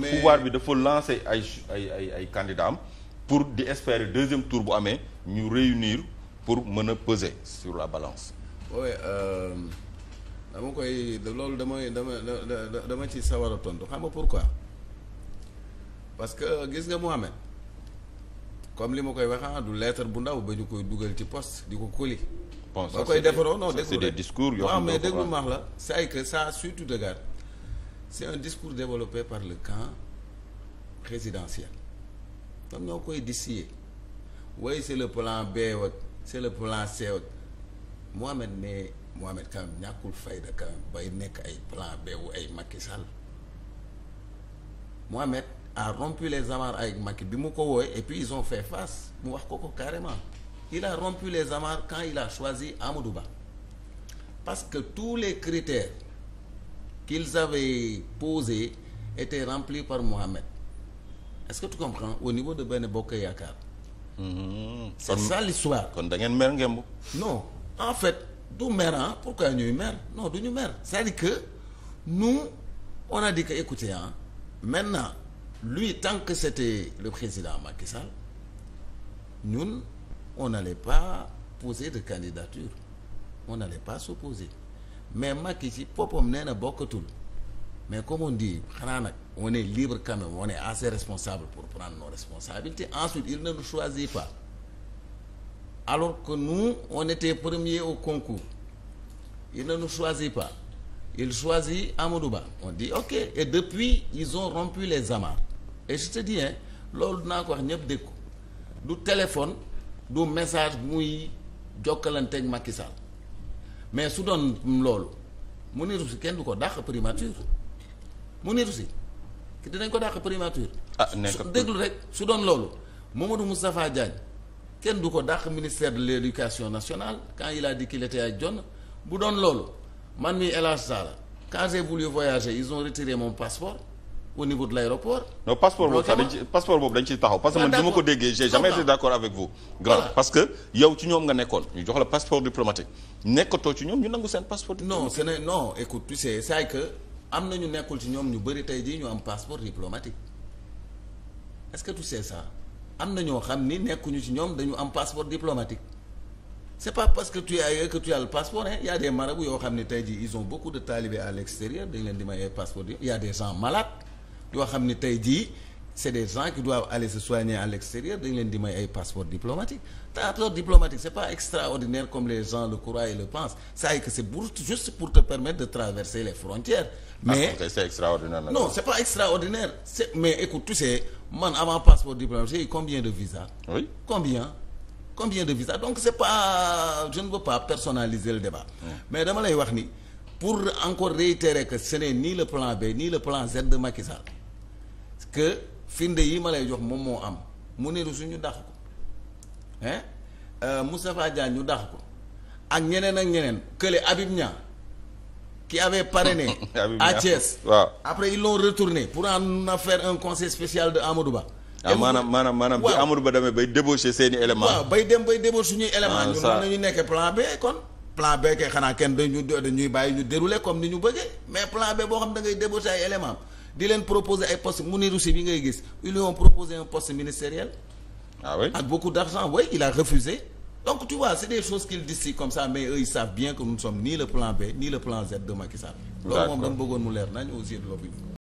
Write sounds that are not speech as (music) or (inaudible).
pouvoir bi dafa lancer ay ay ay ay candidats pour di espérer deuxième tour bu amee ñu réunir pour mën a peser sur la balance. oui euh, dama koy loolu damay dama dama ci sawar a tontu xam nga pourquoi parce que gis nga Mohamed comme li ma koy waxaa ah, du lettre bu ndaw ba ñu koy dugal ci poste di ko colis. bon oo koy defaroo non déglu c'est des discours yoo xam mais déglu maax la c'est que ça surtout de garde c'est un discours développé par le camp présidentiel ñoom ñoo koy distiller waaye c'est le plan B wot c'est le plan C wot Mohamed mais Mohamed quand même ñàkkul fayda quand bay nekk ay plan B ay Macky Sall Mohamed a rompu les amarres avec Macky bi mu ko wooye et puis ils ont fait face mu wax ko ko carrément il a rompu les amarres quand il a choisi Amadou Ba parce que tous les critères qu'ils avaient posé était rempli par Mohamed est-ce que tu comprends au niveau de Benno Bokk Yaakaar. Mmh. c'est kon, ça l'histoire kon da ngeen mer ngemb. non en fait du mer ah pourquoi ñuy mer non du ñu mer c'est-à-dire que nous on a dit que écoutez ah maintenant lui tant que c'était le président Macky Sall ñun on n'allait pas poser de candidature on n'allait pas s'opposer mais Macky ci boppam nee na bokkatul mais comme on dit xanaa nag on est libre quand même on est assez responsable pour prendre nos responsabilités ensuite il ne nous choisit pas alors ko nous on était premier au concours il ne nous choisit pas il choisit Amadou Ba on dit ok et depuis ils ont rompu les amarres et je dien loolu dinaa ko wax ñëpp dégg ko du téléphone du message muy jokkalanteeg Macky mais su doon loolu Mounirou Sy kenn du ko dàq primature Mounirou Sy dinañ ko dàq primature. ah nekk déglu rek su doon loolu Mamadou Moustapha Diagne kenn du ko dàq ministère de l' éducation nationale quand il a dit qu'il était ak John bu doon loolu man mi El Hadj Sall quand j'ai voulu voyager ils ont retiré mon passeport. au niveau de l'aéroport non passeport boobu sax dañ ci passeport boobu dañ ciy taxaw parce que man bi ah, ma ko déggee j'ai jamais été d'accord avec vous grand parce que yow ci ñoom nga nekkoon ñu jox la passeport diplomatique nekkatoo ci ñoom ñu nangu seen passeport non ce n'est non écoute tu sais c'est que am na ñu nekkul ci ñoom ñu bëri tey jii ñu am passeport diplomatique est-ce que tu sais ça am na ñoo xam ni nekkuñu ci ñoom dañu am passeport diplomatique c'est pas parce que tu as que tu as le passeport hein y a des marabouts yoo xam ne tey jii ils ont beaucoup de talibés à l'extérieur dañ leen di may ay passeport y a des gens malades yoo xam ni tey jii c'est des gens qui doivent aller se soigner à l'extérieur dañ leen di may ay passeport diplomatique te passeport diplomatique c'est pas extraordinaire comme les gens le croient et le pensent c'est que c'est pour juste pour te permettre de traverser les frontières mais c'est extraordinaire là non c'est pas extraordinaire c'est mais écoute tu man avant passeport diplomatique combien de visas oui combien combien de visas donc c'est pas je ne veux le débat mais dama lay wax ni pour encore réitérer que ce n'est le plan B ni parce que firnde yi ma lay jox moom moo am mu niru suñu dàq ko hein euh, Moustapha Diagne ñu dàq ko ak ñeneen ak ñeneen kële Habib Niang qui avait parrainé (laughs) à Thiès waaw après ils l'ont retourné pour en faire un conseil spécial de Amadou Ba ah maanaam maanaam maanaam bi Amadou Ba demee bay débaucher seeni élément waaw bay dem bay débaucher suñuy ah, ñu noonu nañu nekk plan B kon plan B kay xanaa kenn dañu dañuy bàyyi ñu dérouler comme ni ñu bëggee mais plan B boo xam da ngay débaucher ay élément di leen proposer ay postes Mounirusi bi ngay gis ils lui ont proposé un poste ministériel. ah oui ak beaucoup d'argent oui il a refusé. donc tu vois c'est des choses qu'ils disent comme ça mais eux ils savent bien que nous ne ni le plan B ni le plan Z de Macky Sall. loolu moom dama bëggoon mu leer nañ aux yeux de l'opinion